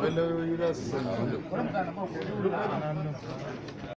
Wai lauyoyi za su sani.